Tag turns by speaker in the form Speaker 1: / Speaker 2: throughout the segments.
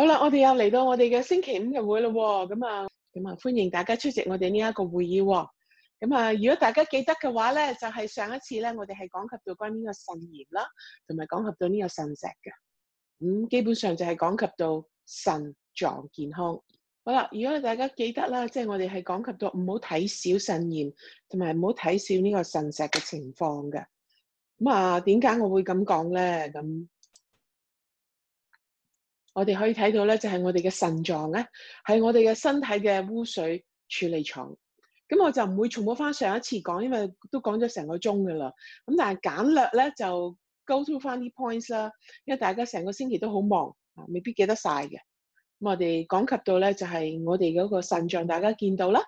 Speaker 1: 好啦，我哋又嚟到我哋嘅星期五嘅會啦，咁啊，咁啊，歡迎大家出席我哋呢一個會議。咁啊，如果大家記得嘅話咧，就係上一次咧，我哋係講及到關於呢個腎炎啦，同埋講及到呢個腎石嘅。咁基本上就係講及到腎臟健康。好啦，如果大家記得啦，即係我哋係講及到唔好睇小腎炎，同埋唔好睇小呢個腎石嘅情況嘅。咁啊，點解我會咁講咧？咁。我哋可以睇到咧，就係我哋嘅腎臟咧，係我哋嘅身體嘅污水處理廠。咁我就唔會重複翻上一次講，因為都講咗成個鐘噶啦。咁但係簡略咧就 go through 翻啲 points 啦，因為大家成個星期都好忙啊，未必記得晒嘅。咁我哋講及到咧就係我哋嗰個腎臟，大家見到啦。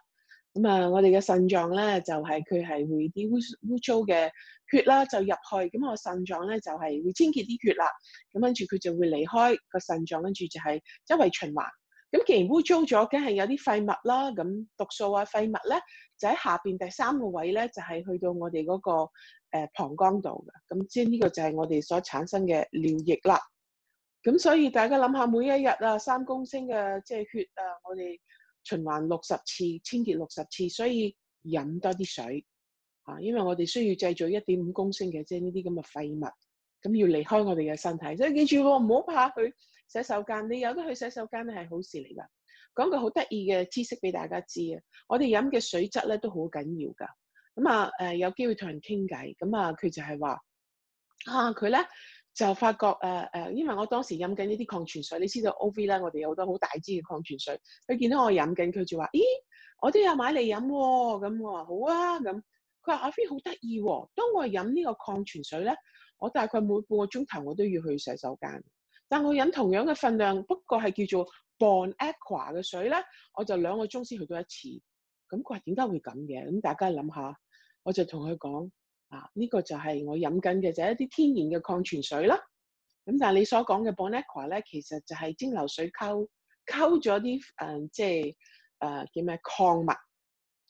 Speaker 1: 咁、嗯、啊，我哋嘅腎臟咧，就係佢係會啲污污糟嘅血啦，就入去，咁我腎臟咧就係會清潔啲血啦。咁跟住佢就會離開個腎臟，跟住就係周圍循環。咁既然污糟咗，梗係有啲廢物啦，咁毒素啊、廢物咧，就喺下邊第三個位咧，就係、是、去到我哋嗰個誒膀胱度嘅。咁即係呢個就係我哋所產生嘅尿液啦。咁所以大家諗下，每一日啊三公升嘅即係血啊，我哋。循環六十次，清潔六十次，所以飲多啲水，啊，因為我哋需要製造一點五公升嘅，即係呢啲咁嘅廢物，咁要離開我哋嘅身體。所以記住，唔好怕去洗手間，你有得去洗手間咧係好事嚟噶。講個好得意嘅知識俾大家知啊，我哋飲嘅水質咧都好緊要噶。咁啊，誒、呃，有機會同人傾偈，咁啊，佢、呃、就係話，啊，佢咧。就發覺誒誒、呃，因為我當時飲緊呢啲礦泉水，你知道 O.V. 啦，我哋有好多好大支嘅礦泉水。佢見到我飲緊，佢就話：咦，我都有買嚟飲喎。咁我話好啊。咁佢話阿 V 好得意喎。當我飲呢個礦泉水咧，我大概每半個鐘頭我都要去洗手間。但係我飲同樣嘅份量，不過係叫做 Bonaqua 嘅水咧，我就兩個鐘先去到一次。咁佢話點解會咁嘅？咁大家諗下，我就同佢講。啊，呢、這個就係我飲緊嘅就係、是，一啲天然嘅礦泉水啦。咁但係你所講嘅 Bonaqua 咧，其實就係蒸餾水溝溝咗啲誒，即係誒、呃，叫咩礦物。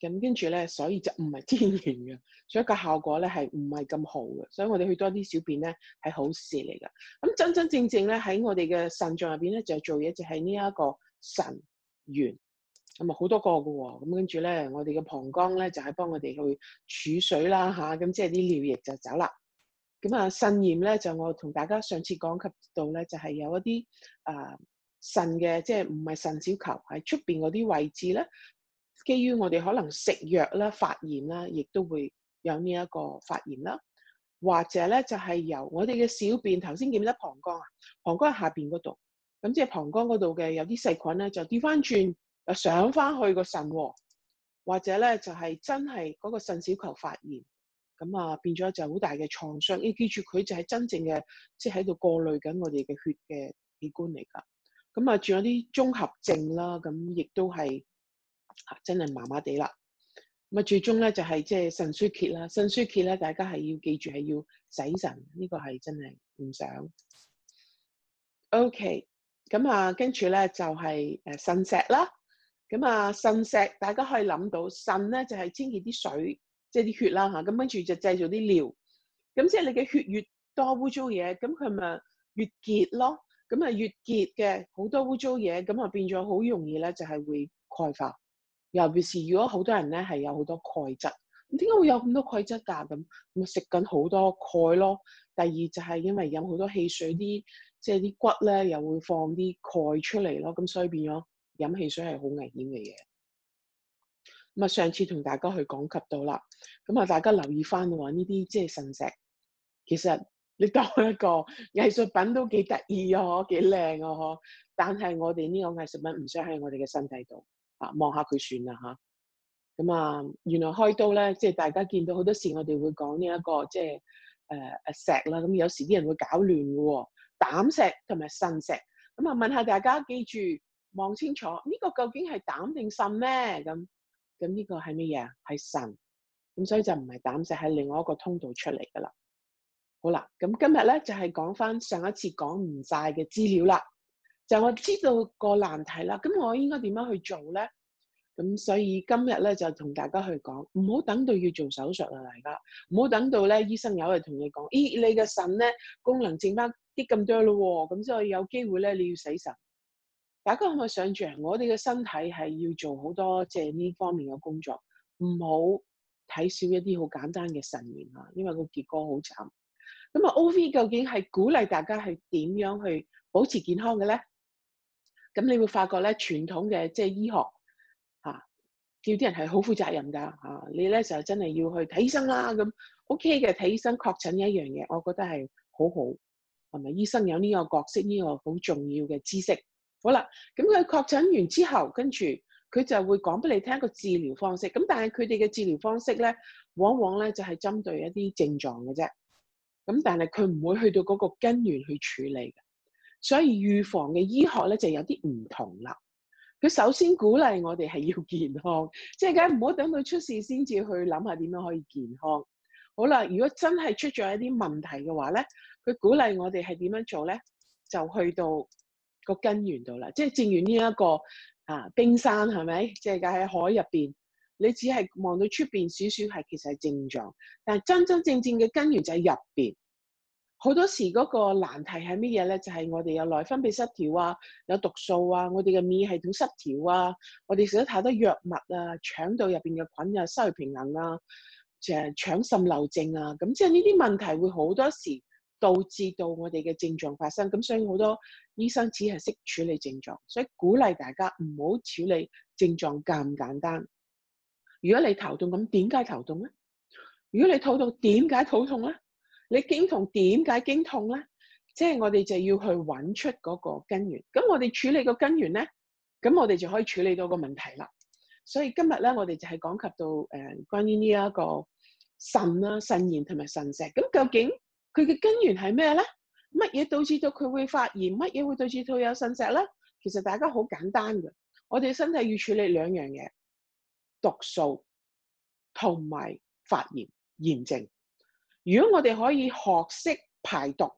Speaker 1: 咁跟住咧，所以就唔係天然嘅，所以個效果咧係唔係咁好嘅。所以我哋去多啲小便咧係好事嚟嘅。咁真真正正咧喺我哋嘅腎臟入邊咧就做嘢就係呢一個腎元。咁啊，好多個嘅喎，咁跟住咧，我哋嘅膀胱咧就係幫我哋去儲水啦，吓、啊，咁即係啲尿液就走啦。咁啊，腎炎咧就我同大家上次講及到咧，就係有一啲啊腎嘅，即係唔係腎小球喺出邊嗰啲位置咧。基於我哋可能食藥啦、發炎啦，亦都會有呢一個發炎啦，或者咧就係由我哋嘅小便頭先見得膀胱啊，膀胱下邊嗰度，咁即係膀胱嗰度嘅有啲細菌咧就掉返轉。又上翻去個腎，或者咧就係真係嗰個腎小球發炎，咁啊變咗就好大嘅創傷。要記住佢就係真正嘅，即係喺度過濾緊我哋嘅血嘅器官嚟噶。咁啊，仲有啲綜合症啦，咁亦都係真係麻麻地啦。咁啊，最終咧就係即係腎衰竭啦。腎衰竭咧，大家係要記住係要洗腎，呢個係真係唔想。OK，咁啊，跟住咧就係誒腎石啦。咁啊，腎石大家可以諗到腎咧就係、是、清潔啲水，即係啲血啦吓，咁跟住就製造啲尿。咁即係你嘅血越多污糟嘢，咁佢咪越結咯。咁啊越結嘅好多污糟嘢，咁啊變咗好容易咧，就係會鈣化。尤其是如果好多人咧係有好多鈣質，點解會有咁多鈣質㗎？咁咪食緊好多鈣咯。第二就係因為飲好多汽水，啲即係啲骨咧又會放啲鈣出嚟咯。咁所以變咗。飲汽水係好危險嘅嘢，咁啊上次同大家去講及到啦，咁啊大家留意翻嘅話，呢啲即係腎石，其實你當一個藝術品都幾得意啊，嗬，幾靚啊，嗬，但係我哋呢個藝術品唔想喺我哋嘅身體度啊，望下佢算啦吓。咁啊，原來開刀咧，即係大家見到好多時，我哋會講呢一個即係誒誒石啦，咁有時啲人會搞亂喎，膽石同埋腎石，咁啊問下大家記住。望清楚呢個究竟係膽定腎咩？咁咁呢個係乜嘢？係腎咁，所以就唔係膽石，係另外一個通道出嚟噶啦。好啦，咁今日咧就係講翻上一次講唔晒嘅資料啦。就我知道個難題啦，咁我應該點樣去做咧？咁所以今日咧就同大家去講，唔好等到要做手術啊，大家唔好等到咧醫生有人同你講，咦、哎、你嘅腎咧功能剩翻啲咁多咯，咁所以有機會咧你要洗腎。大家可唔可想象，我哋嘅身體係要做好多即係呢方面嘅工作，唔好睇少一啲好簡單嘅實驗啊！因為個結果好慘。咁啊，OV 究竟係鼓勵大家係點樣去保持健康嘅咧？咁你會發覺咧，傳統嘅即係醫學嚇、啊，叫啲人係好負責任㗎嚇、啊。你咧就真係要去睇醫生啦，咁 OK 嘅睇醫生確診一樣嘢，我覺得係好好，係咪醫生有呢個角色呢、呢個好重要嘅知識。好啦，咁佢確診完之後，跟住佢就會講俾你聽一個治療方式。咁但係佢哋嘅治療方式咧，往往咧就係針對一啲症狀嘅啫。咁但係佢唔會去到嗰個根源去處理嘅。所以預防嘅醫學咧就有啲唔同啦。佢首先鼓勵我哋係要健康，即係梗唔好等到出事先至去諗下點樣可以健康。好啦，如果真係出咗一啲問題嘅話咧，佢鼓勵我哋係點樣做咧？就去到。個根源度啦，即係正如呢、這、一個啊冰山係咪？即係喺海入邊，你只係望到出邊少少，係其實係症狀，但係真真正正嘅根源就係入邊。好多時嗰個難題係乜嘢咧？就係、是、我哋有內分泌失調啊，有毒素啊，我哋嘅免疫系統失調啊，我哋食得太多藥物啊，腸道入邊嘅菌又失去平衡啊，就係腸滲漏症啊，咁即係呢啲問題會好多時。導致到我哋嘅症狀發生，咁所以好多醫生只係識處理症狀，所以鼓勵大家唔好處理症狀咁簡單。如果你頭痛咁，點解頭痛咧？如果你肚痛，點解肚痛咧？你經痛點解經痛咧？即係我哋就要去揾出嗰個根源。咁我哋處理個根源咧，咁我哋就可以處理到個問題啦。所以今日咧，我哋就係講及到誒關於呢一個腎啦、腎炎同埋腎石。咁究竟，佢嘅根源係咩咧？乜嘢導致到佢會發炎？乜嘢會導致到有腎石咧？其實大家好簡單嘅，我哋身體要處理兩樣嘢，毒素同埋發炎炎症。如果我哋可以學識排毒，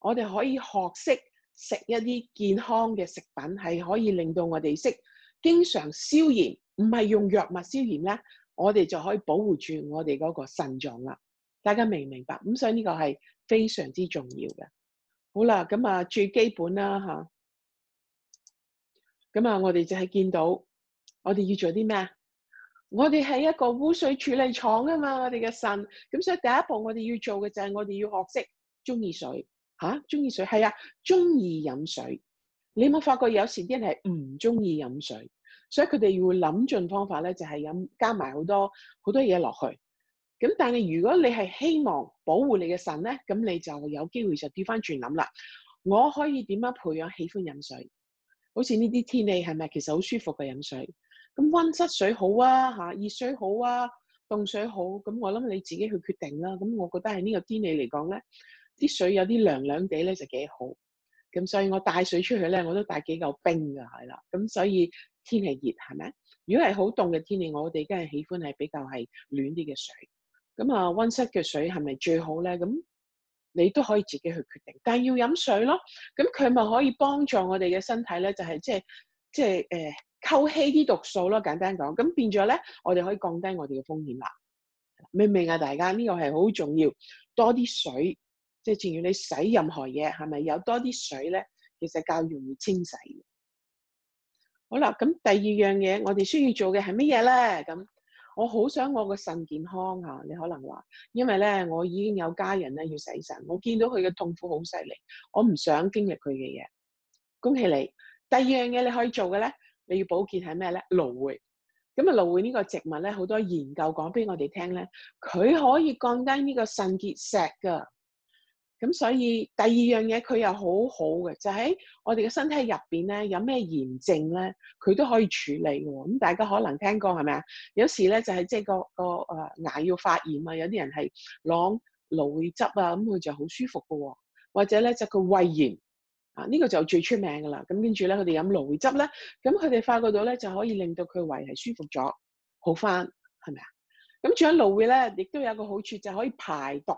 Speaker 1: 我哋可以學識食一啲健康嘅食品，係可以令到我哋識經常消炎，唔係用藥物消炎咧，我哋就可以保護住我哋嗰個腎臟啦。大家明唔明白？咁所以呢個係非常之重要嘅。好啦，咁啊最基本啦吓。咁啊，我哋就係見到，我哋要做啲咩啊？我哋係一個污水處理廠啊嘛，我哋嘅腎。咁所以第一步，我哋要做嘅就係我哋要學識中意水。吓，中意水係啊，中意飲水。你有冇發覺有時啲人係唔中意飲水，所以佢哋要諗盡方法咧，就係飲加埋好多好多嘢落去。咁但係如果你係希望保護你嘅腎咧，咁你就有機會就掉翻轉諗啦。我可以點樣培養喜歡飲水？好似呢啲天氣係咪？其實好舒服嘅飲水。咁溫室水好啊，吓熱水好啊，凍水好。咁我諗你自己去決定啦。咁我覺得喺呢個天氣嚟講咧，啲水有啲涼涼地咧就幾好。咁所以我帶水出去咧，我都帶幾嚿冰噶係啦。咁所以天氣熱係咪？如果係好凍嘅天氣，我哋梗係喜歡係比較係暖啲嘅水。咁啊，溫室嘅水係咪最好咧？咁你都可以自己去決定，但係要飲水咯。咁佢咪可以幫助我哋嘅身體咧？就係即係即係誒，溝稀啲毒素咯，簡單講。咁變咗咧，我哋可以降低我哋嘅風險啦。明唔明啊？大家呢個係好重要，多啲水，即係，只要你洗任何嘢，係咪有多啲水咧？其實較容易清洗。好啦，咁第二樣嘢，我哋需要做嘅係乜嘢咧？咁。我好想我個腎健康嚇，啊，你可能話，因為咧我已經有家人咧要洗腎，我見到佢嘅痛苦好犀利，我唔想經歷佢嘅嘢。恭喜你，第二樣嘢你可以做嘅咧，你要保健係咩咧？蘆薈，咁啊蘆薈呢個植物咧，好多研究講俾我哋聽咧，佢可以降低呢個腎結石㗎。咁所以第二樣嘢佢又好好嘅，就喺我哋嘅身體入邊咧，有咩炎症咧，佢都可以處理喎。咁大家可能聽過係咪啊？有時咧就係即係個個誒、呃、牙要發炎啊，有啲人係攞蘆薈汁啊，咁佢就好舒服噶喎。或者咧就佢胃炎啊，呢個就最出名噶啦。咁跟住咧佢哋飲蘆薈汁咧，咁佢哋發覺到咧就可以令到佢胃係舒服咗，好翻係咪啊？咁仲有蘆薈咧，亦都有個好處，就可以排毒。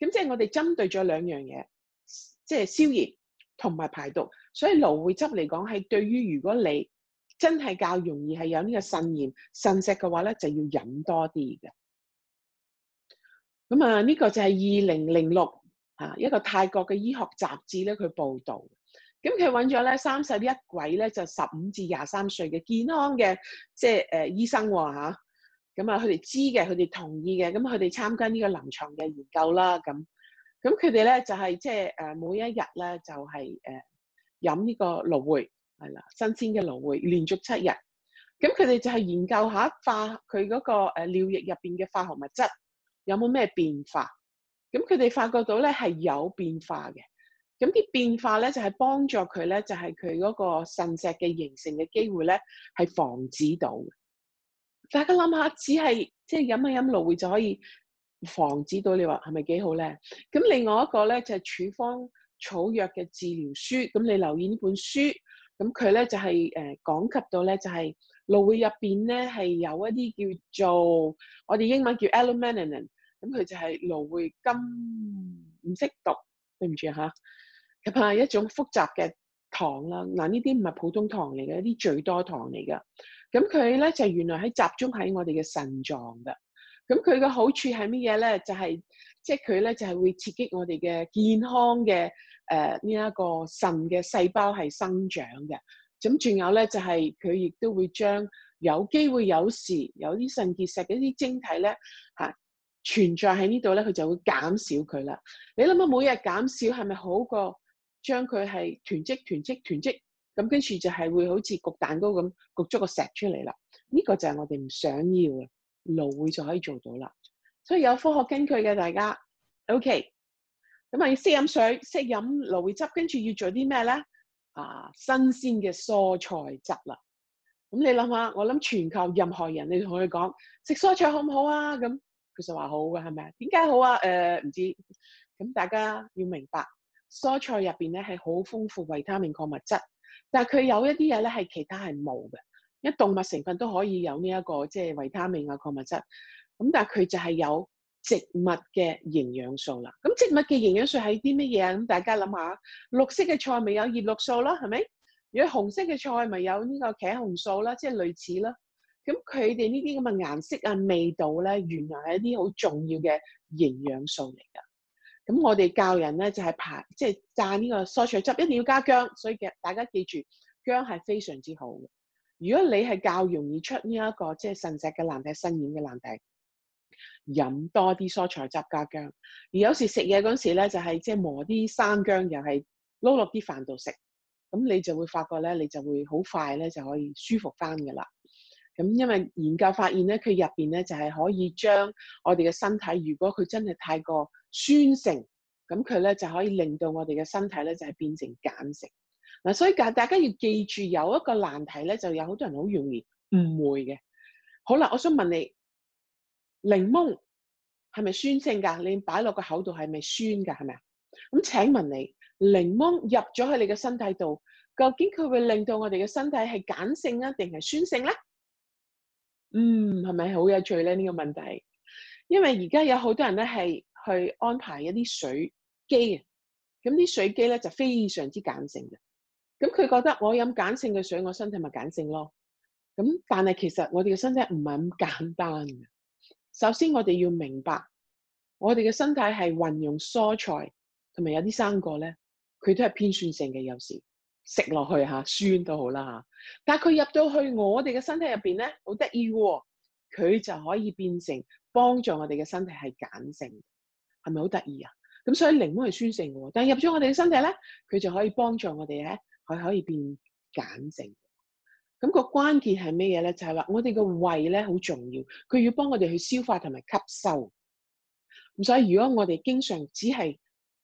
Speaker 1: 咁即係我哋針對咗兩樣嘢，即係消炎同埋排毒，所以蘆薈汁嚟講係對於如果你真係較容易係有呢個腎炎、腎石嘅話咧，就要飲多啲嘅。咁、這個、啊，呢個就係二零零六啊一個泰國嘅醫學雜誌咧，佢報導，咁佢揾咗咧三十一位咧，就十五至廿三歲嘅健康嘅即係誒、呃、醫生喎、啊咁啊，佢哋知嘅，佢哋同意嘅，咁佢哋參加呢個臨床嘅研究啦。咁，咁佢哋咧就係即係誒每一日咧就係誒飲呢個蘆薈係啦，新鮮嘅蘆薈連續七日。咁佢哋就係研究一下化佢嗰個誒尿液入邊嘅化學物質有冇咩變化。咁佢哋發覺到咧係有變化嘅。咁啲變化咧就係、是、幫助佢咧，就係佢嗰個腎石嘅形成嘅機會咧係防止到。大家諗下，只係即係飲一飲蘆薈就可以防止到你是不是，你話係咪幾好咧？咁另外一個咧就係、是、處方草藥嘅治療書，咁你留意呢本書，咁佢咧就係誒講及到咧就係蘆薈入邊咧係有一啲叫做我哋英文叫 aloe mannan 咁，佢就係蘆薈金，唔識讀對唔住吓，佢係一種複雜嘅糖啦。嗱呢啲唔係普通糖嚟嘅，一啲最多糖嚟噶。咁佢咧就原來係集中喺我哋嘅腎臟嘅，咁佢嘅好處係乜嘢咧？就係即係佢咧就係、是就是、會刺激我哋嘅健康嘅誒呢一個腎嘅細胞係生長嘅。咁仲有咧就係佢亦都會將有機會有時有啲腎結石嘅啲晶體咧嚇存在喺呢度咧，佢就會減少佢啦。你諗下每日減少係咪好過將佢係囤積囤積囤積？咁跟住就係會好似焗蛋糕咁焗出個石出嚟啦，呢、這個就係我哋唔想要嘅蘆薈就可以做到啦，所以有科學根據嘅大家，OK。咁啊，要識飲水，識飲蘆薈汁，跟住要做啲咩咧？啊，新鮮嘅蔬菜汁啦。咁你諗下，我諗全球任何人你跟他說，你同佢講食蔬菜好唔好啊？咁佢就話好嘅，係咪啊？點解好啊？誒、呃、唔知。咁大家要明白，蔬菜入邊咧係好豐富維他命礦物質。但係佢有一啲嘢咧係其他係冇嘅，因為動物成分都可以有呢一個即係維他命啊礦物質，咁但係佢就係有植物嘅營養素啦。咁植物嘅營養素係啲乜嘢啊？咁大家諗下，綠色嘅菜咪有葉綠素啦，係咪？如果紅色嘅菜咪有呢個茄紅素啦，即係類似啦。咁佢哋呢啲咁嘅顏色啊、味道咧，原來係一啲好重要嘅營養素嚟㗎。咁、嗯、我哋教人咧就係、是、排，即係榨呢個蔬菜汁，一定要加薑，所以其實大家記住薑係非常之好嘅。如果你係較容易出呢、這個就是、一個即係腎石嘅難題、新染嘅難題，飲多啲蔬菜汁加薑，而有時食嘢嗰時咧就係即係磨啲生薑，又係撈落啲飯度食，咁你就會發覺咧，你就會好快咧就可以舒服翻嘅啦。咁因為研究發現咧，佢入邊咧就係可以將我哋嘅身體，如果佢真係太過酸性，咁佢咧就可以令到我哋嘅身體咧就係變成鹼性。嗱、啊，所以大家要記住有一個難題咧，就有好多人好容易誤會嘅。好啦，我想問你檸檬係咪酸性㗎？你擺落個口度係咪酸㗎？係咪啊？咁請問你檸檬入咗去你嘅身體度，究竟佢會令到我哋嘅身體係鹼性啊，定係酸性咧？嗯，係咪好有趣咧？呢個問題，因為而家有好多人咧係去安排一啲水機啊，咁啲水機咧就非常之鹼性嘅，咁佢覺得我飲鹼性嘅水，我身體咪鹼性咯。咁但係其實我哋嘅身體唔係咁簡單嘅，首先我哋要明白，我哋嘅身體係運用蔬菜同埋有啲生果咧，佢都係偏酸性嘅有時。食落去吓酸都好啦吓，但係佢入到去我哋嘅身體入邊咧，好得意嘅，佢就可以變成幫助我哋嘅身體係鹼性，係咪好得意啊？咁所以檸檬係酸性嘅，但係入咗我哋嘅身體咧，佢就可以幫助我哋咧，佢可以變鹼性。咁個關鍵係咩嘢咧？就係話我哋嘅胃咧好重要，佢要幫我哋去消化同埋吸收。咁所以如果我哋經常只係，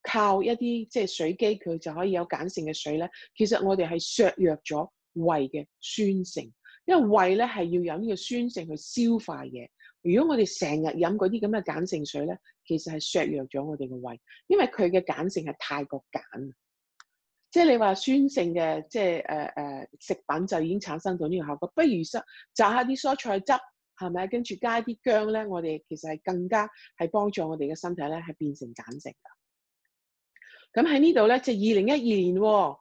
Speaker 1: 靠一啲即係水機，佢就可以有鹼性嘅水咧。其實我哋係削弱咗胃嘅酸性，因為胃咧係要有呢個酸性去消化嘢。如果我哋成日飲嗰啲咁嘅鹼性水咧，其實係削弱咗我哋嘅胃，因為佢嘅鹼性係太過鹼。即係你話酸性嘅，即係誒誒食品就已經產生到呢個效果。不如榨下啲蔬菜汁，係咪？跟住加啲薑咧，我哋其實係更加係幫助我哋嘅身體咧，係變成鹼性嘅。咁喺呢度咧，就二零一二年《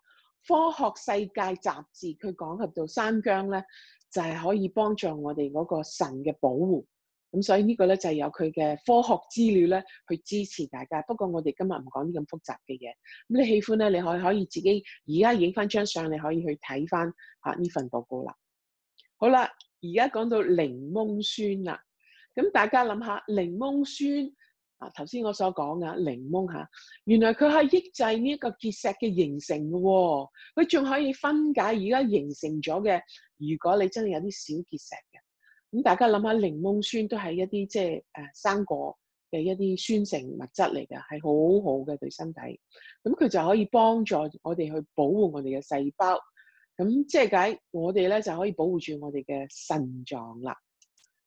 Speaker 1: 科學世界雜誌》，佢講及到山薑咧，就係可以幫助我哋嗰個腎嘅保護。咁所以呢個咧就係有佢嘅科學資料咧去支持大家。不過我哋今日唔講啲咁複雜嘅嘢。咁你喜歡咧，你可以可以自己而家影翻張相，你可以去睇翻啊呢份報告啦。好啦，而家講到檸檬酸啦。咁大家諗下檸檬酸。啊，頭先我所講嘅檸檬吓，原來佢係抑制呢一個結石嘅形成嘅，佢仲可以分解而家形成咗嘅。如果你真係有啲小結石嘅，咁大家諗下，檸檬酸都係一啲即係誒生果嘅一啲酸性物質嚟嘅，係好好嘅，對身體。咁佢就可以幫助我哋去保護我哋嘅細胞，咁即係解我哋咧就可以保護住我哋嘅腎臟啦。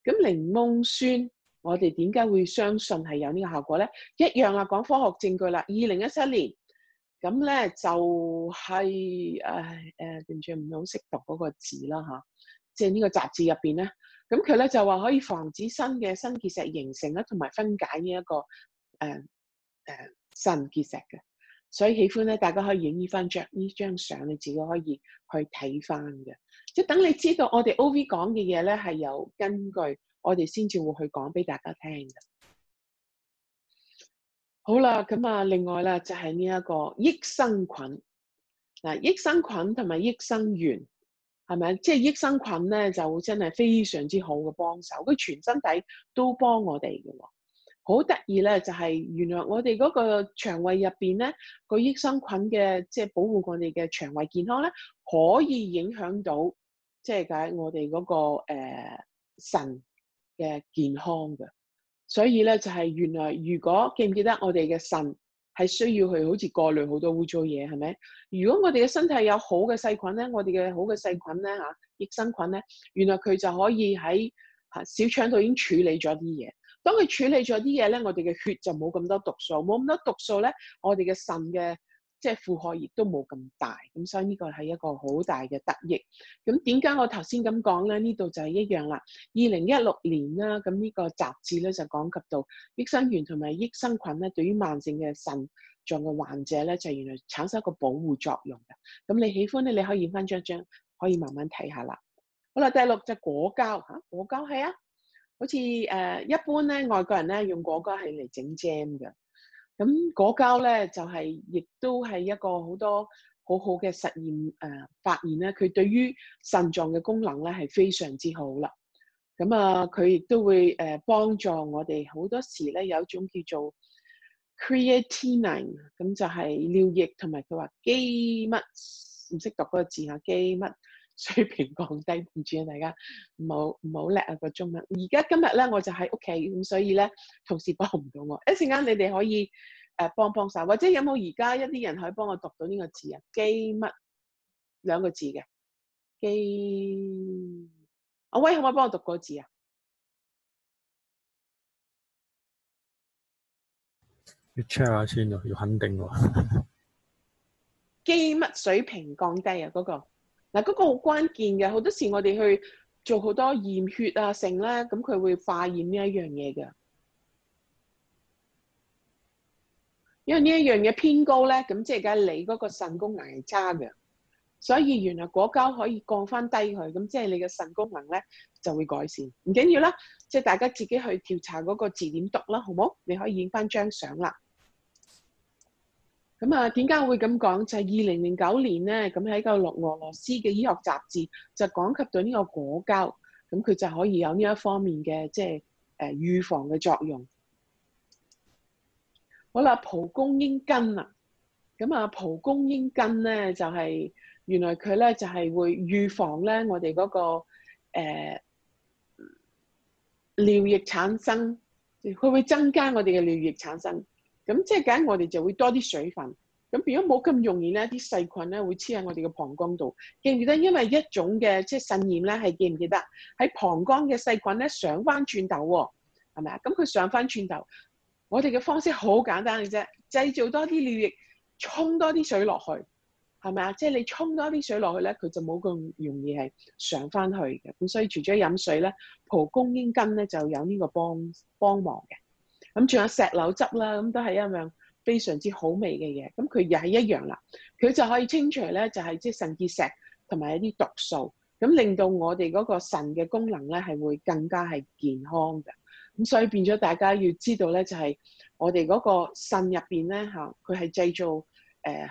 Speaker 1: 咁檸檬酸。我哋點解會相信係有呢個效果咧？一樣啊，講科學證據啦。二零一七年，咁咧就係誒誒，完全唔係好識讀嗰個字啦吓。即係呢個雜誌入邊咧，咁佢咧就話可以防止新嘅新結石形成啦，同埋分解呢一個誒誒腎結石嘅。所以喜歡咧，大家可以影呢翻張呢張相，你自己可以去睇翻嘅。即等你知道，我哋 O.V 講嘅嘢咧係有根據，我哋先至會去講俾大家聽嘅。好啦，咁啊，另外咧就係呢一個益生菌嗱，益生菌同埋益生元係咪？即係益生菌咧就真係非常之好嘅幫手，佢全身底都幫我哋嘅。好得意咧，就係原來我哋嗰個腸胃入邊咧個益生菌嘅，即係保護我哋嘅腸胃健康咧，可以影響到。即係解我哋嗰個誒腎嘅健康嘅，所以咧就係原來，如果記唔記得我哋嘅腎係需要去好似過濾好多污糟嘢，係咪？如果我哋嘅身體有好嘅細菌咧，我哋嘅好嘅細菌咧吓，啊，益生菌咧，原來佢就可以喺小腸度已經處理咗啲嘢。當佢處理咗啲嘢咧，我哋嘅血就冇咁多毒素，冇咁多毒素咧，我哋嘅腎嘅。即係負荷亦都冇咁大，咁所以呢個係一個好大嘅得益。咁點解我頭先咁講咧？呢度就係一樣啦。二零一六年啦，咁呢個雜誌咧就講及到益生元同埋益生菌咧，對於慢性嘅腎臟嘅患者咧，就係、原來產生一個保護作用嘅。咁你喜歡咧，你可以影翻張張，可以慢慢睇下啦。好啦，第六隻果膠嚇，果膠係啊，好似誒、呃、一般咧，外國人咧用果膠係嚟整 jam 㗎。咁嗰膠咧就係、是，亦都係一個很多很好多好好嘅實驗誒、呃、發現咧，佢對於腎臟嘅功能咧係非常之好啦。咁啊，佢亦都會誒幫、呃、助我哋好多時咧有一種叫做 creatine，咁就係尿液同埋佢話基乜唔識讀嗰個字啊，基乜。水平降低，唔住啊大家唔好唔好叻啊個中文。而家今日咧，我就喺屋企，咁所以咧，同事幫唔到我。一陣間你哋可以誒幫幫手，或者有冇而家一啲人可以幫我讀到呢個字，個字啊？機乜兩個字嘅機？阿威可唔可以幫我讀個字啊？要 check 下先，要肯定喎。機 乜水平降低啊？嗰、嗰個？嗱、這個，嗰個好關鍵嘅，好多時我哋去做好多驗血啊、性咧，咁佢會化驗呢一樣嘢嘅，因為呢一樣嘢偏高咧，咁即係梗你嗰個腎功能係差嘅，所以原來果膠可以降翻低佢，咁即係你嘅腎功能咧就會改善，唔緊要啦，即係大家自己去調查嗰個字點讀啦，好冇？你可以影翻張相啦。咁啊，點解我會咁講？就係二零零九年咧，咁喺個俄俄羅斯嘅醫學雜誌就講及到呢個果膠，咁佢就可以有呢一方面嘅即係，誒，預防嘅作用。好啦，蒲公英根啊，咁啊蒲公英根咧就係原來佢咧就係會預防咧我哋嗰個、呃、尿液產生，佢會增加我哋嘅尿液產生。咁即係簡我哋就會多啲水分。咁如果冇咁容易咧，啲細菌咧會黐喺我哋嘅膀胱度。記唔記得？因為一種嘅即係腎炎咧，係記唔記得喺膀胱嘅細菌咧上翻轉頭喎、哦，係咪啊？咁佢上翻轉頭，我哋嘅方式好簡單嘅啫，製造多啲尿液，沖多啲水落去，係咪啊？即係你沖多啲水落去咧，佢就冇咁容易係上翻去嘅。咁所以除咗飲水咧，蒲公英根咧就有呢個幫幫忙嘅。咁仲有石榴汁啦，咁都係一,一樣非常之好味嘅嘢。咁佢又係一樣啦，佢就可以清除咧，就係即係腎結石同埋一啲毒素，咁令到我哋嗰個腎嘅功能咧係會更加係健康嘅。咁所以變咗大家要知道咧，就係我哋嗰個腎入邊咧嚇，佢係製造誒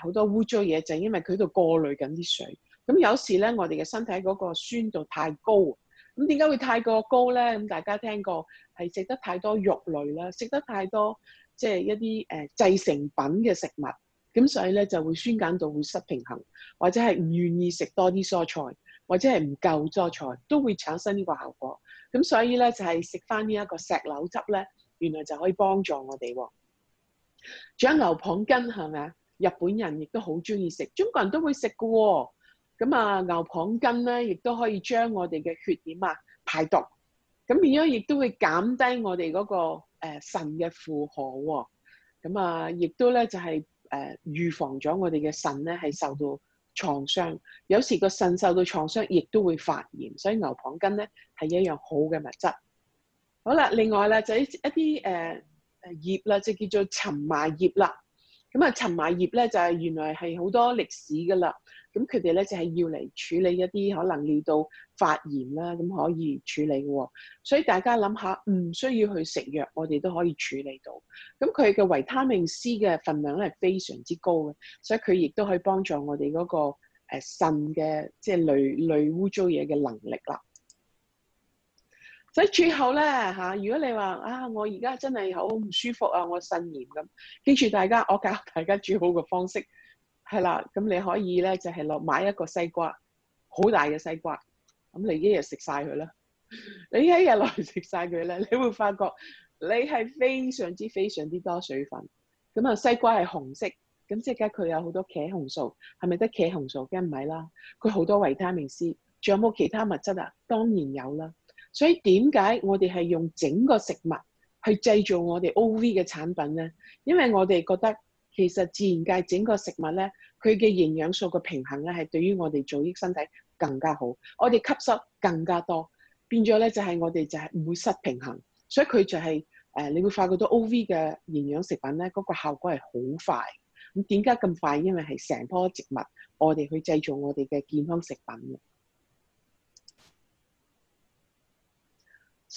Speaker 1: 好多污糟嘢，就係因為佢喺度過濾緊啲水。咁有時咧，我哋嘅身體嗰個酸度太高。咁點解會太過高咧？咁大家聽過係食得太多肉類啦，食得太多即係、就是、一啲誒、呃、製成品嘅食物，咁所以咧就會酸鹼度會失平衡，或者係唔願意食多啲蔬菜，或者係唔夠蔬菜都會產生呢個效果。咁所以咧就係食翻呢一個石榴汁咧，原來就可以幫助我哋。仲有牛蒡根係咪啊？日本人亦都好中意食，中國人都會食㗎喎。咁啊，牛蒡根咧，亦都可以將我哋嘅血點啊排毒，咁變咗亦都會減低我哋嗰個誒腎嘅負荷喎。咁啊，亦都咧就係誒預防咗我哋嘅腎咧係受到創傷。有時個腎受到創傷，亦都會發炎，所以牛蒡根咧係一樣好嘅物質。好啦，另外啦，就一啲誒葉啦，就叫做沉麻葉啦。咁啊，陳麻葉咧就係原來係好多歷史噶啦。咁佢哋咧就係要嚟處理一啲可能尿道發炎啦，咁可以處理嘅喎。所以大家諗下，唔需要去食藥，我哋都可以處理到。咁佢嘅維他命 C 嘅份量咧係非常之高嘅，所以佢亦都可以幫助我哋嗰個誒腎嘅即係濾濾污糟嘢嘅能力啦。所以最後咧嚇，如果你話啊，我而家真係好唔舒服啊，我腎炎咁，跟住大家我教大家最好嘅方式係啦，咁你可以咧就係落買一個西瓜，好大嘅西瓜，咁你一日食晒佢啦，你一日落嚟食晒佢咧，你會發覺你係非常之非常之多水分。咁啊，西瓜係紅色，咁即係而家佢有好多茄紅素，係咪得茄紅素？梗唔係啦，佢好多維他命 C，仲有冇其他物質啊？當然有啦。所以點解我哋係用整個食物去製造我哋 O V 嘅產品咧？因為我哋覺得其實自然界整個食物咧，佢嘅營養素嘅平衡咧，係對於我哋滋益身體更加好，我哋吸收更加多，變咗咧就係、是、我哋就係唔會失平衡。所以佢就係、是、誒你會發覺到 O V 嘅營養食品咧，嗰、那個效果係好快。咁點解咁快？因為係成棵植物，我哋去製造我哋嘅健康食品嘅。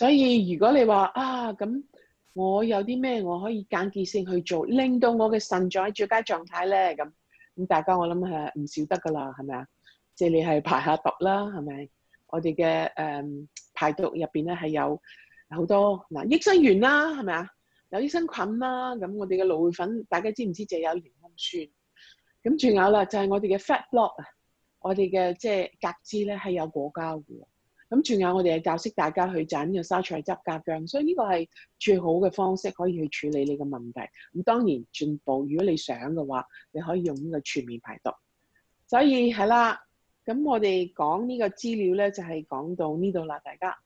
Speaker 1: 所以如果你話啊咁，我有啲咩我可以間歇性去做，令到我嘅腎臟喺最佳狀態咧咁咁，大家我諗係唔少得噶啦，係咪啊？即係你係排下毒啦，係咪？我哋嘅誒排毒入邊咧係有好多嗱、啊、益生元啦，係咪啊？有益生菌啦，咁我哋嘅蘆薈粉大家知唔知？即有纖氨酸。咁仲有啦，就係我哋嘅 fat block 啊，我哋嘅即係隔脂咧係有果膠嘅。咁仲有我哋嘅教識大家去整呢個沙菜汁加薑，所以呢個係最好嘅方式可以去處理你嘅問題。咁當然全部，如果你想嘅話，你可以用呢個全面排毒。所以係啦，咁我哋講呢個資料咧，就係、是、講到呢度啦，大家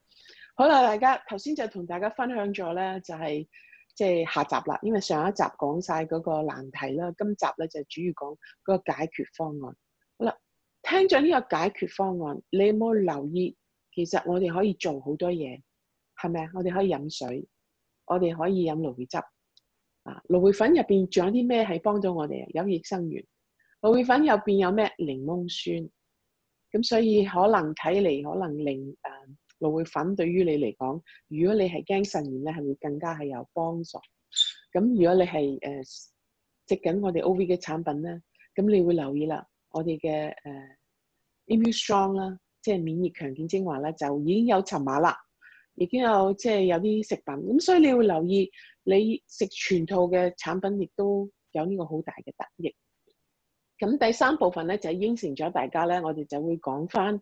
Speaker 1: 好啦，大家頭先就同大家分享咗咧、就是，就係即係下集啦，因為上一集講晒嗰個難題啦，今集咧就是、主要講嗰個解決方案。好啦，聽咗呢個解決方案，你有冇留意？其實我哋可以做好多嘢，係咪啊？我哋可以飲水，我哋可以飲蘆薈汁啊！蘆薈粉入邊仲有啲咩係幫到我哋啊？有益生元，蘆薈粉入邊有咩檸檬酸？咁所以可能睇嚟，可能令誒蘆薈粉對於你嚟講，如果你係驚腎炎咧，係會更加係有幫助。咁如果你係誒食緊我哋 O V 嘅產品咧，咁你會留意啦，我哋嘅誒 Immune Strong 啦。即係免疫強健精華咧，就已經有沉馬啦，已經有即係有啲食品，咁所以你要留意，你食全套嘅產品亦都有呢個好大嘅得益。咁第三部分咧，就應承咗大家咧，我哋就會講翻，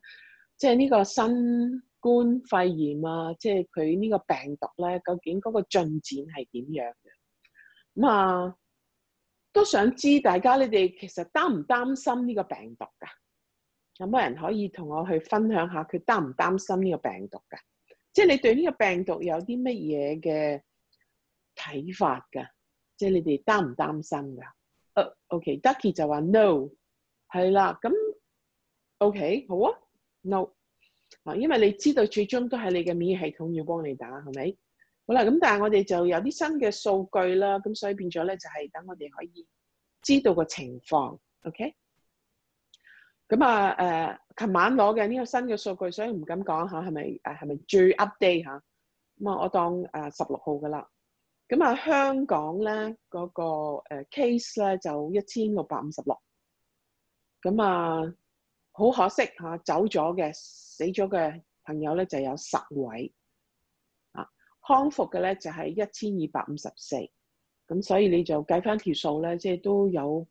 Speaker 1: 即係呢個新冠肺炎啊，即係佢呢個病毒咧，究竟嗰個進展係點樣嘅？咁啊，都想知大家你哋其實擔唔擔心呢個病毒噶？有冇人可以同我去分享下佢擔唔擔心呢個病毒噶？即係你對呢個病毒有啲乜嘢嘅睇法噶？即係你哋擔唔擔心噶？Oh, OK, Ducky 就話 no，係啦，咁 OK，好啊，no 啊，因為你知道最終都係你嘅免疫系統要幫你打，係咪？好啦，咁但係我哋就有啲新嘅數據啦，咁所以變咗咧就係等我哋可以知道個情況，OK？咁啊，誒、呃，琴晚攞嘅呢個新嘅數據，所以唔敢講下，係咪誒係咪最 update 嚇？咁啊，是是我當誒十六號噶啦。咁、呃、啊，香港咧嗰、那個、呃、case 咧就一千六百五十六。咁啊，好可惜嚇，走咗嘅死咗嘅朋友咧就有十位啊，康復嘅咧就係一千二百五十四。咁所以你就計翻條數咧，即、就、係、是、都有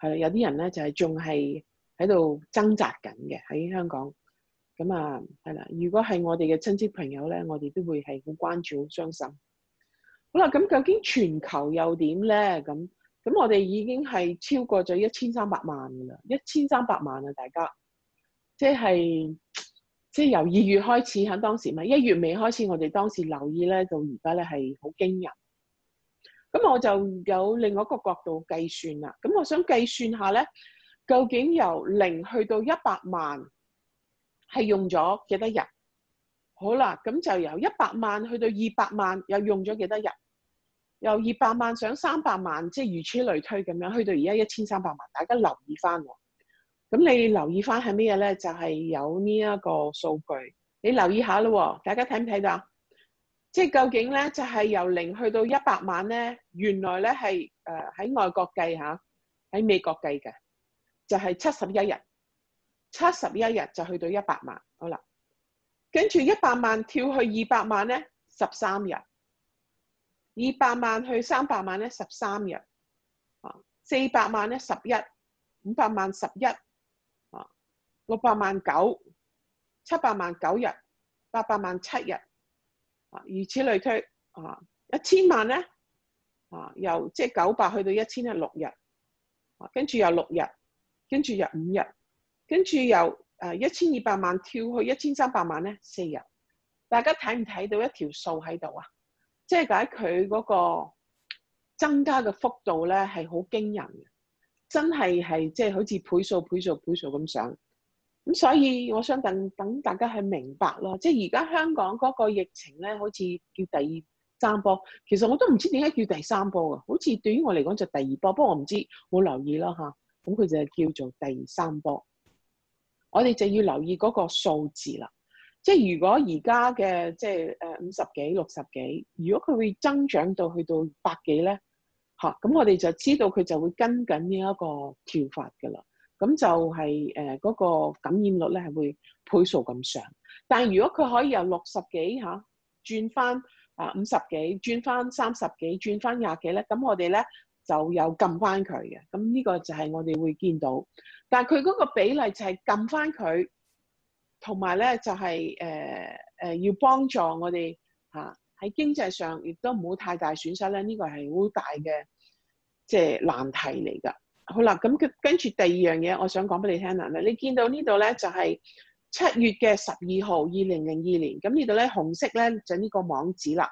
Speaker 1: 係有啲人咧就係、是、仲係。喺度掙扎緊嘅喺香港，咁啊係啦。如果係我哋嘅親戚朋友咧，我哋都會係好關注、好傷心。好啦，咁究竟全球又點咧？咁咁我哋已經係超過咗一千三百萬噶啦，一千三百萬啊！大家即係即係由二月開始，喺當時咪一月尾開始，我哋當時留意咧，到而家咧係好驚人。咁我就有另外一個角度計算啦。咁我想計算一下咧。究竟由零去到一百萬係用咗幾多日？好啦，咁就由一百萬去到二百萬又用咗幾多日？由二百萬上三百萬，即係如此類推咁樣，去到而家一千三百萬。大家留意翻，咁你留意翻係咩嘢咧？就係有呢一個數據，你留意下啦，大家睇唔睇到啊？即係究竟咧，就係由零去到一百萬咧，原來咧係誒喺外國計吓，喺美國計嘅。就係、是、七十一日，七十一日就去到一百萬，好啦，跟住一百萬跳去二百萬咧十三日，二百萬去三百萬咧十三日，啊四百萬咧十一，五百萬十一，啊六百萬九，七百萬九日，八百萬七日，啊如此類推，啊一千萬咧，啊由即係九百去到一千係六日，啊跟住又六日。跟住入五日，跟住由誒一千二百萬跳去一千三百萬咧四日，大家睇唔睇到一條數喺度啊？即係解佢嗰個增加嘅幅度咧，係好驚人嘅，真係係即係好似倍數、倍數、倍數咁上。咁所以我想等等大家去明白咯，即係而家香港嗰個疫情咧，好似叫第三波。其實我都唔知點解叫第三波啊。好似對於我嚟講就第二波。不過我唔知冇留意咯嚇。咁佢就叫做第三波，我哋就要留意嗰個數字啦。即係如果而家嘅即係誒五十幾、六十幾，如果佢會增長到去到百幾咧，吓咁我哋就知道佢就會跟緊呢一個跳法㗎啦。咁就係誒嗰個感染率咧係會倍數咁上。但係如果佢可以由六十幾吓轉翻啊五十幾，轉翻三十幾，轉翻廿幾咧，咁我哋咧。就有撳翻佢嘅，咁呢個就係我哋會見到，但係佢嗰個比例就係撳翻佢，同埋咧就係誒誒要幫助我哋嚇喺經濟上亦都唔好太大損失咧，呢個係好大嘅即係難題嚟㗎。好啦，咁跟跟住第二樣嘢，我想講俾你聽啦。你見到呢度咧就係七月嘅十二號，二零零二年，咁呢度咧紅色咧就呢個網址啦。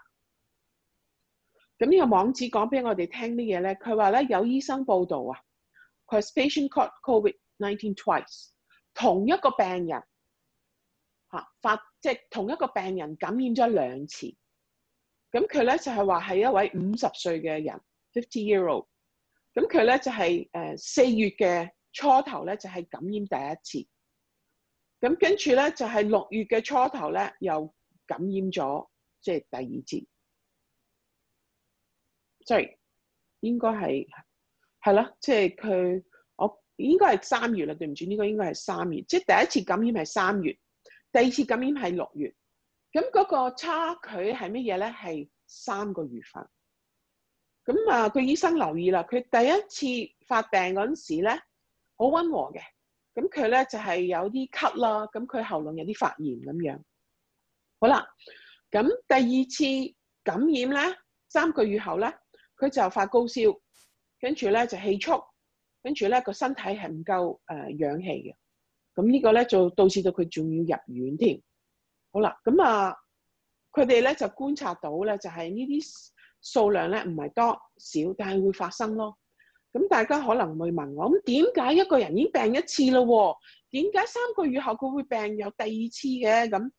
Speaker 1: 咁、這、呢個網址講俾我哋聽啲嘢咧，佢話咧有醫生報道啊，佢 patient caught COVID nineteen twice，同一個病人嚇發即係同一個病人感染咗兩次。咁佢咧就係話係一位五十歲嘅人，fifty year old。咁佢咧就係誒四月嘅初頭咧就係感染第一次，咁跟住咧就係六月嘅初頭咧又感染咗即係第二次。Sorry，該即係應該係係咯，即係佢我應該係三月啦，對唔住，呢個應該係三月，即係第一次感染係三月，第二次感染係六月，咁嗰個差距係乜嘢咧？係三個月份。咁啊，佢醫生留意啦，佢第一次發病嗰陣時咧，好溫和嘅，咁佢咧就係、是、有啲咳啦，咁佢喉嚨有啲發炎咁樣。好啦，咁第二次感染咧，三個月後咧。佢就發高燒，跟住咧就氣促，跟住咧個身體係唔夠誒、呃、氧氣嘅，咁呢個咧就導致到佢仲要入院添。好啦，咁啊，佢哋咧就觀察到咧，就係、是、呢啲數量咧唔係多少，但係會發生咯。咁大家可能會問我：咁點解一個人已經病一次咯？點解三個月後佢會病又第二次嘅咁？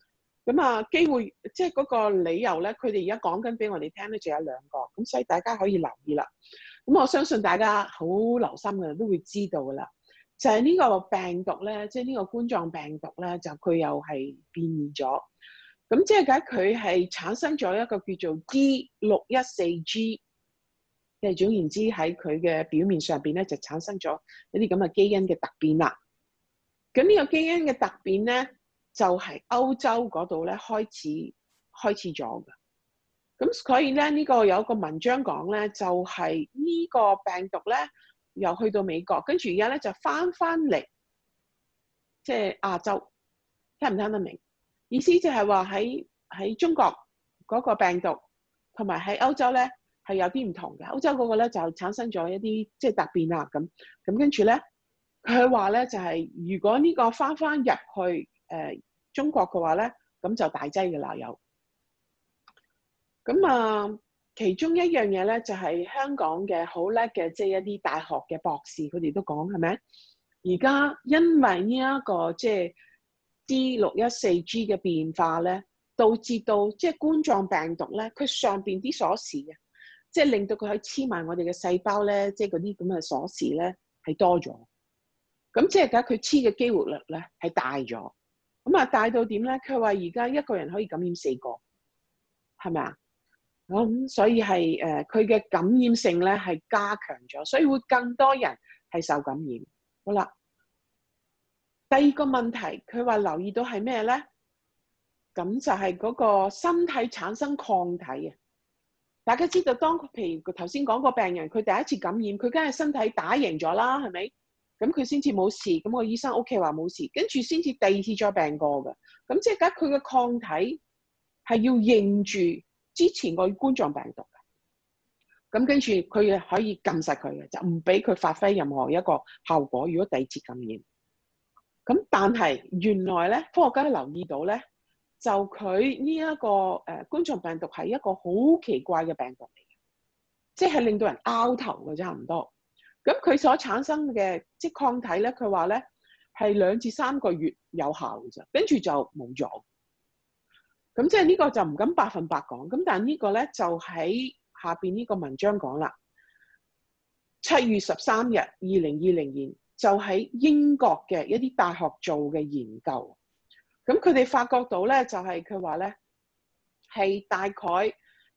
Speaker 1: 咁啊，機會即係嗰個理由咧，佢哋而家講緊俾我哋聽咧，仲有兩個，咁所以大家可以留意啦。咁我相信大家好留心嘅，都會知道噶啦。就係呢個病毒咧，即係呢個冠狀病毒咧，就佢又係變異咗。咁即係解，佢係產生咗一個叫做 D 六一四 G 嘅，總言之，喺佢嘅表面上邊咧，就產生咗一啲咁嘅基因嘅突變啦。咁呢個基因嘅突變咧，就係、是、歐洲嗰度咧開始開始咗嘅，咁所以咧呢、這個有一個文章講咧，就係、是、呢個病毒咧又去到美國，跟住而家咧就翻翻嚟，即係亞洲，聽唔聽得明？意思就係話喺喺中國嗰個病毒，還有在歐有同埋喺歐洲咧係有啲唔同嘅。歐洲嗰個咧就產生咗一啲即係突變啦，咁咁跟住咧佢話咧就係、是、如果呢個翻翻入去。誒、呃、中國嘅話咧，咁就大劑嘅蠟油。咁啊、呃，其中一樣嘢咧，就係、是、香港嘅好叻嘅，即、就、係、是、一啲大學嘅博士，佢哋都講係咪？而家因為呢、這、一個即係 D 六一四 G 嘅變化咧，導致到即係、就是、冠狀病毒咧，佢上邊啲鎖匙啊，即係令到佢喺黐埋我哋嘅細胞咧，即係嗰啲咁嘅鎖匙咧係多咗。咁即係而家佢黐嘅機活率咧係大咗。咁啊，大到點咧？佢話而家一個人可以感染四個，係咪啊？咁所以係誒，佢、呃、嘅感染性咧係加強咗，所以會更多人係受感染。好啦，第二個問題，佢話留意到係咩咧？咁就係嗰個身體產生抗體啊！大家知道當，當譬如頭先講個病人，佢第一次感染，佢梗係身體打贏咗啦，係咪？咁佢先至冇事，咁個醫生屋企話冇事，跟住先至第二次再病過嘅。咁即係而家佢嘅抗體係要認住之前個冠狀病毒嘅。咁跟住佢可以撳實佢嘅，就唔俾佢發揮任何一個效果。如果第二次感染，咁但係原來咧，科學家都留意到咧，就佢呢一個誒冠狀病毒係一個好奇怪嘅病毒嚟嘅，即係令到人拗頭嘅差唔多。咁佢所產生嘅即抗體咧，佢話咧係兩至三個月有效嘅啫，跟住就冇咗。咁即係呢個就唔敢百分百講。咁但係呢個咧就喺下邊呢個文章講啦。七月十三日二零二零年就喺英國嘅一啲大學做嘅研究，咁佢哋發覺到咧就係佢話咧係大概。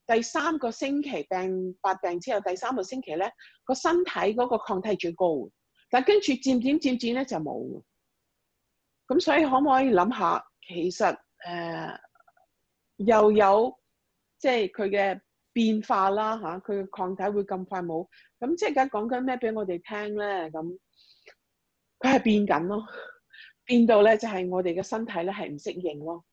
Speaker 1: 第三個星期病發病之後，第三個星期咧個身體嗰個抗體最高嘅，但跟住漸漸漸漸咧就冇。咁所以可唔可以諗下，其實誒、呃、又有即係佢嘅變化啦嚇，佢嘅抗體會咁快冇，咁即係而家講緊咩俾我哋聽咧？咁佢係變緊咯，變到咧就係我哋嘅身體咧係唔適應咯。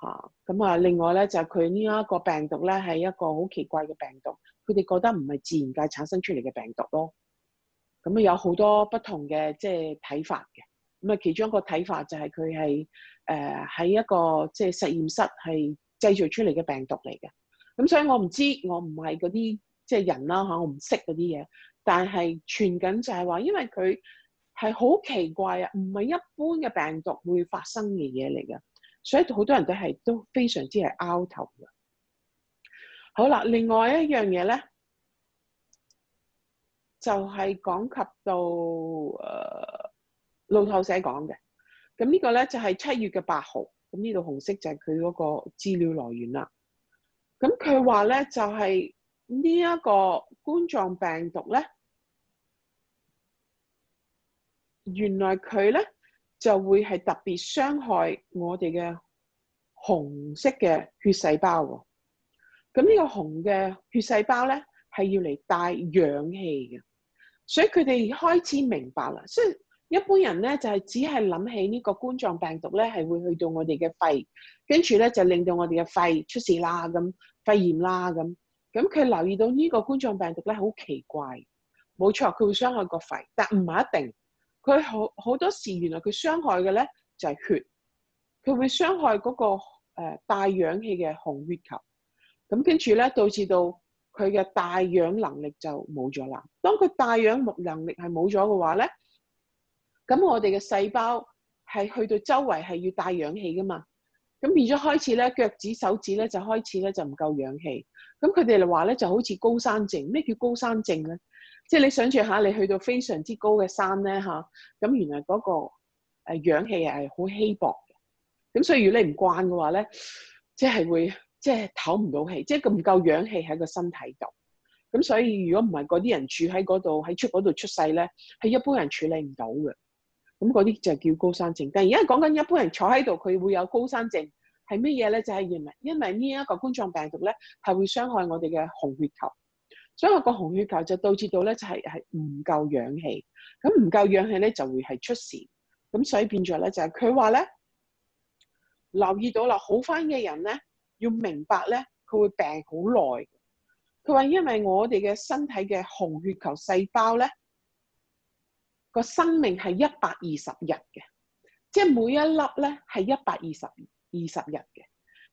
Speaker 1: 吓咁啊！另外咧，就佢呢一個病毒咧，係一個好奇怪嘅病毒。佢哋覺得唔係自然界產生出嚟嘅病毒咯。咁、嗯、啊，有好多不同嘅即係睇法嘅。咁、嗯、啊，其中一個睇法就係佢係誒喺一個即係實驗室係製造出嚟嘅病毒嚟嘅。咁、嗯、所以我唔知，我唔係嗰啲即係人啦吓，我唔識嗰啲嘢。但係傳緊就係話，因為佢係好奇怪啊，唔係一般嘅病毒會發生嘅嘢嚟嘅。所以好多人都係都非常之係拗頭嘅。好啦，另外一樣嘢咧，就係、是、講及到誒、呃、路透社講嘅。咁呢個咧就係、是、七月嘅八號。咁呢度紅色就係佢嗰個資料來源啦。咁佢話咧就係呢一個冠狀病毒咧，原來佢咧，就會係特別傷害我哋嘅紅色嘅血細胞喎。咁呢個紅嘅血細胞咧，係要嚟帶氧氣嘅。所以佢哋開始明白啦。所以一般人咧就係只係諗起呢個冠狀病毒咧係會去到我哋嘅肺，跟住咧就令到我哋嘅肺出事啦，咁肺炎啦，咁咁佢留意到呢個冠狀病毒咧好奇怪。冇錯，佢會傷害個肺，但唔係一定。佢好好多時，原來佢傷害嘅咧就係血，佢會傷害嗰個誒帶氧氣嘅紅血球，咁跟住咧導致到佢嘅帶氧能力就冇咗啦。當佢帶氧能力係冇咗嘅話咧，咁我哋嘅細胞係去到周圍係要帶氧氣噶嘛，咁變咗開始咧腳趾手指咧就開始咧就唔夠氧氣，咁佢哋話咧就好似高山症，咩叫高山症咧？即係你想住下，你去到非常之高嘅山咧嚇，咁原來嗰個誒氧氣係好稀薄嘅，咁所以如果你唔慣嘅話咧，即係會即係唞唔到氣，即係唔夠氧氣喺個身體度。咁所以如果唔係嗰啲人住喺嗰度，喺出嗰度出世咧，係一般人處理唔到嘅。咁嗰啲就叫高山症。但係而家講緊一般人坐喺度，佢會有高山症係乜嘢咧？就係、是、因為因為呢一個冠狀病毒咧，係會傷害我哋嘅紅血球。所以個紅血球就導致到咧，就係係唔夠氧氣，咁唔夠氧氣咧就會係出事，咁所以變咗咧就係佢話咧，留意到啦，好翻嘅人咧要明白咧，佢會病好耐。佢話因為我哋嘅身體嘅紅血球細胞咧，個生命係一百二十日嘅，即係每一粒咧係一百二十二十日嘅，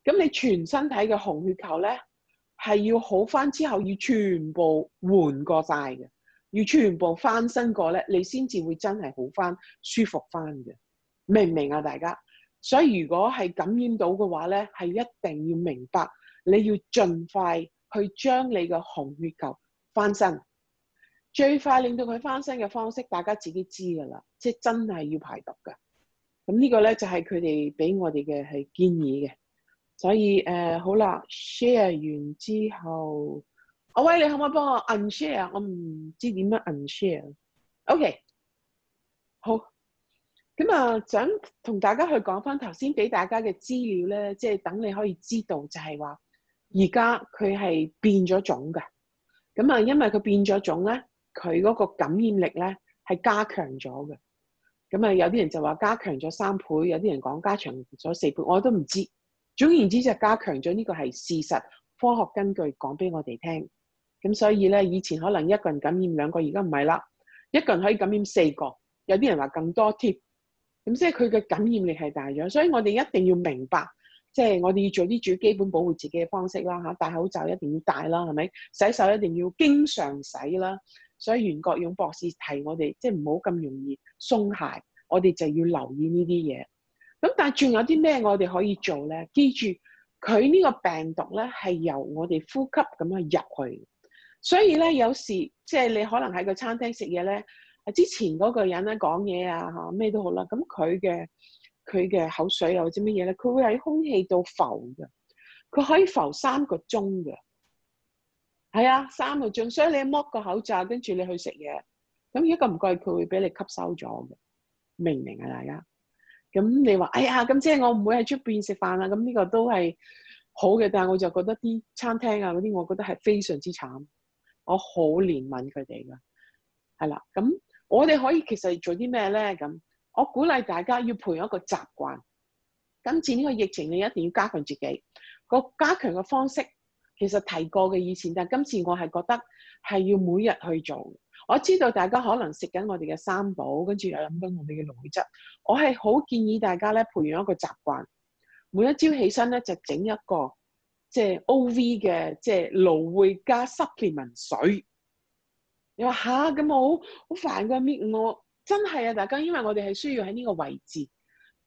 Speaker 1: 咁你全身體嘅紅血球咧。係要好翻之後，要全部換過晒嘅，要全部翻身過咧，你先至會真係好翻，舒服翻嘅，明唔明啊？大家，所以如果係感染到嘅話咧，係一定要明白，你要盡快去將你嘅紅血球翻身，最快令到佢翻身嘅方式，大家自己知噶啦，即係真係要排毒嘅。咁呢個咧就係佢哋俾我哋嘅建議嘅。所以誒、呃，好啦，share 完之後，阿、哦、威，你可唔可以幫我 unshare？我唔知點樣 unshare。OK，好。咁啊，想同大家去講翻頭先俾大家嘅資料咧，即係等你可以知道就係話，而家佢係變咗種嘅。咁啊，因為佢變咗種咧，佢嗰個感染力咧係加強咗嘅。咁啊，有啲人就話加強咗三倍，有啲人講加強咗四倍，我都唔知。總言之，就加強咗呢個係事實、科學根據講俾我哋聽。咁所以咧，以前可能一個人感染兩個，而家唔係啦，一個人可以感染四個。有啲人話更多 t 咁即係佢嘅感染力係大咗。所以我哋一定要明白，即、就、係、是、我哋要做啲主基本保護自己嘅方式啦。嚇，戴口罩一定要戴啦，係咪？洗手一定要經常洗啦。所以袁國勇博士提我哋，即係唔好咁容易鬆懈，我哋就要留意呢啲嘢。咁但係仲有啲咩我哋可以做咧？記住，佢呢個病毒咧係由我哋呼吸咁樣入去，所以咧有時即係你可能喺個餐廳食嘢咧，之前嗰個人咧講嘢啊嚇咩都好啦，咁佢嘅佢嘅口水又或者乜嘢咧，佢會喺空氣度浮嘅，佢可以浮三個鐘嘅，係啊三個鐘，所以你剝個口罩，跟住你去食嘢，咁如果唔怪佢會俾你吸收咗嘅，明唔明啊大家？咁、嗯、你話，哎呀，咁即係我唔會喺出邊食飯啦，啊。咁呢個都係好嘅，但係我就覺得啲餐廳啊嗰啲，我覺得係非常之慘，我好憐憫佢哋噶。係啦，咁我哋可以其實做啲咩咧？咁我鼓勵大家要培養一個習慣。今次呢個疫情，你一定要加強自己。個加強嘅方式，其實提過嘅以前，但係今次我係覺得係要每日去做。我知道大家可能食緊我哋嘅三寶，跟住又飲緊我哋嘅蘆薈汁。我係好建議大家咧，培養一個習慣，每一朝起身咧就整一個即係、就是、O.V 嘅即係蘆薈加 supplement 水。你話吓咁我好好煩噶咩？我真係啊，大家，因為我哋係需要喺呢個位置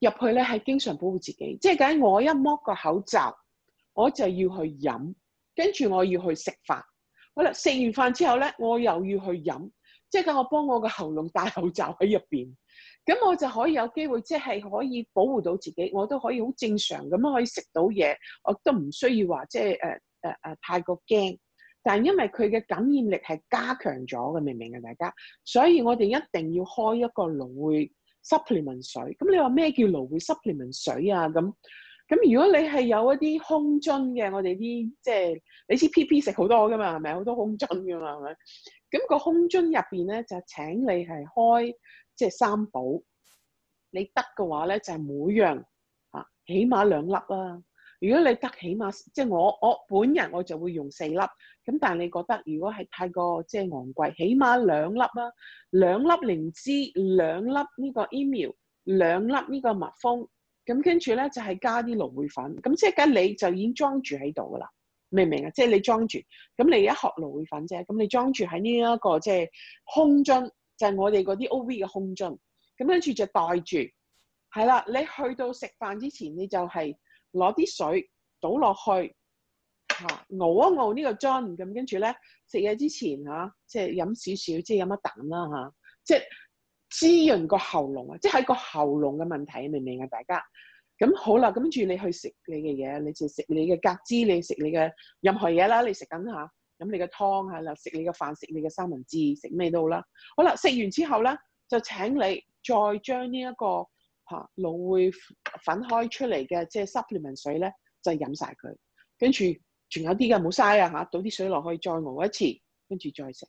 Speaker 1: 入去咧，係經常保護自己。即係緊我一剝個口罩，我就要去飲，跟住我要去食飯。好啦，食完飯之後咧，我又要去飲，即係我幫我個喉嚨戴口罩喺入邊，咁我就可以有機會，即係可以保護到自己，我都可以好正常咁可以食到嘢，我都唔需要話即係誒誒誒太過驚。但係因為佢嘅感染力係加強咗嘅，明唔明啊？大家，所以我哋一定要開一個蘆薈 supplement 水。咁你話咩叫蘆薈 supplement 水啊？咁？咁如果你係有一啲空樽嘅，我哋啲即係你知 PP 食好多㗎嘛，係咪好多空樽㗎嘛，係咪？咁個空樽入邊咧就請你係開即係三寶，你得嘅話咧就係每樣嚇起碼兩粒啦。如果你得起碼即係我我本人我就會用四粒。咁但係你覺得如果係太過即係昂貴，起碼兩粒啦，兩粒靈芝，兩粒呢個疫苗，兩粒呢個蜜蜂。咁跟住咧就係、是、加啲蘆薈粉，咁即係咁你就已經裝住喺度噶啦，明唔明啊？即、就、係、是、你裝住，咁你一殼蘆薈粉啫，咁你裝住喺呢一個即係空樽，就係、是就是、我哋嗰啲 OV 嘅空樽，咁跟住就袋住，係啦。你去到食飯之前，你就係攞啲水倒落去，嚇、嗯、熬一熬個瓶呢個樽，咁跟住咧食嘢之前嚇，即係飲少少，即係飲一啖啦嚇，即、啊、係。就是滋潤個喉嚨啊，即係喺個喉嚨嘅問題，明唔明啊？大家咁好啦，咁跟住你去食你嘅嘢，你食食你嘅格子，你食你嘅任何嘢啦，你食緊嚇，飲你嘅湯嚇啦，食你嘅飯，食你嘅三文治，食咩都好啦。好啦，食完之後咧，就請你再將呢一個嚇蘆薈粉開出嚟嘅，即係 supplement 水咧，就飲晒佢。跟住仲有啲嘅唔好嘥啊嚇，倒啲水落去，再熬一次，跟住再食，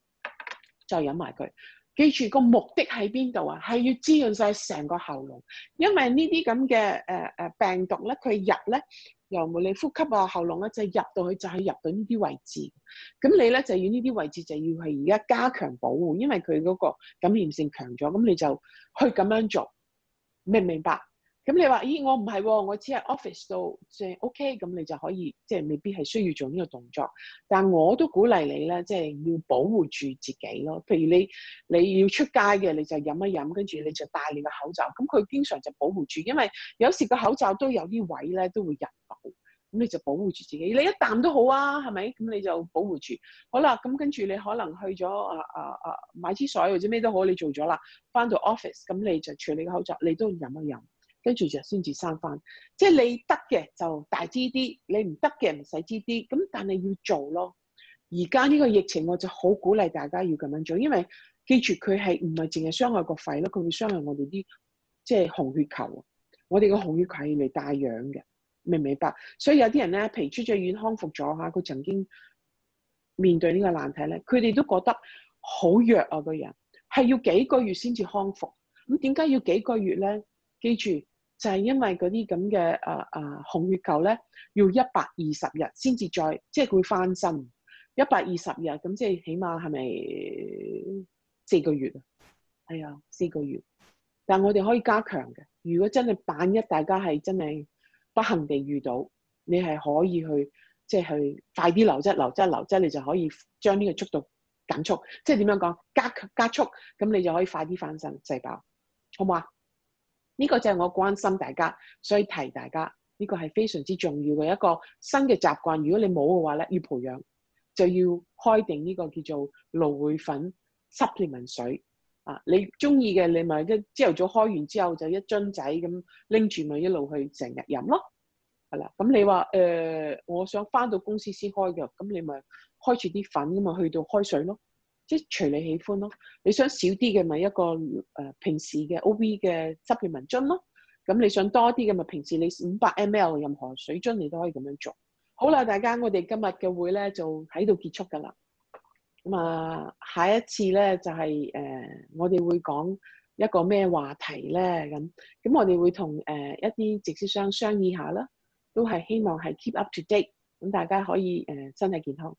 Speaker 1: 再飲埋佢。記住個目的喺邊度啊？係要滋潤晒成個喉嚨，因為呢啲咁嘅誒誒病毒咧，佢入咧由無力呼吸啊喉嚨咧就是、入到去就係、是、入到呢啲位置。咁你咧就要呢啲位置就要係而家加強保護，因為佢嗰個感染性強咗。咁你就去咁樣做，明唔明白？咁你話，咦、欸？我唔係喎，我只係 office 度即係 OK。咁你就可以即係、就是、未必係需要做呢個動作，但我都鼓勵你咧，即、就、係、是、要保護住自己咯。譬如你你要出街嘅，你就飲一飲，跟住你就戴你個口罩。咁佢經常就保護住，因為有時個口罩都有啲位咧都會入霧，咁你就保護住自己。你一啖都好啊，係咪？咁你就保護住好啦。咁跟住你可能去咗啊啊啊買支水或者咩都好，你做咗啦，翻到 office 咁你就處理個口罩，你都要飲一飲。跟住就先至生翻，即係你得嘅就大支啲，你唔得嘅唔使支啲。咁但係要做咯。而家呢個疫情，我就好鼓勵大家要咁樣做，因為記住佢係唔係淨係傷害個肺咯，佢會傷害我哋啲即係紅血球。我哋個紅血球係嚟帶氧嘅，明唔明白？所以有啲人咧，譬如出咗院康復咗吓，佢曾經面對呢個難題咧，佢哋都覺得好弱啊，個人係要幾個月先至康復。咁點解要幾個月咧？記住。就係、是、因為嗰啲咁嘅誒誒紅血球咧，要一百二十日先至再，即係佢翻身。一百二十日，咁即係起碼係咪四個月啊？係、哎、啊，四個月。但係我哋可以加強嘅，如果真係萬一大家係真係不幸地遇到，你係可以去即係去快啲留質留質留質，你就可以將呢個速度減速，即係點樣講加加速咁，你就可以快啲翻身細胞，好唔好啊？呢、這個就係我關心大家，所以提大家，呢、這個係非常之重要嘅一個新嘅習慣。如果你冇嘅話咧，要培養就要開定呢個叫做蘆薈粉 supplement 水啊！你中意嘅你咪即朝頭早開完之後就一樽仔咁拎住咪一路去成日飲咯，係、嗯、啦。咁你話誒、呃，我想翻到公司先開嘅，咁你咪開住啲粉咁啊，去到開水咯。即係隨你喜歡咯，你想少啲嘅咪一個誒、呃、平時嘅 o b 嘅濕文巾咯，咁你想多啲嘅咪平時你五百 mL 任何水樽你都可以咁樣做。好啦，大家我哋今日嘅會咧就喺度結束㗎啦。咁啊，下一次咧就係、是、誒、呃、我哋會講一個咩話題咧咁，咁我哋會同誒、呃、一啲直銷商商議下啦，都係希望係 keep up to date，咁大家可以誒、呃、身體健康。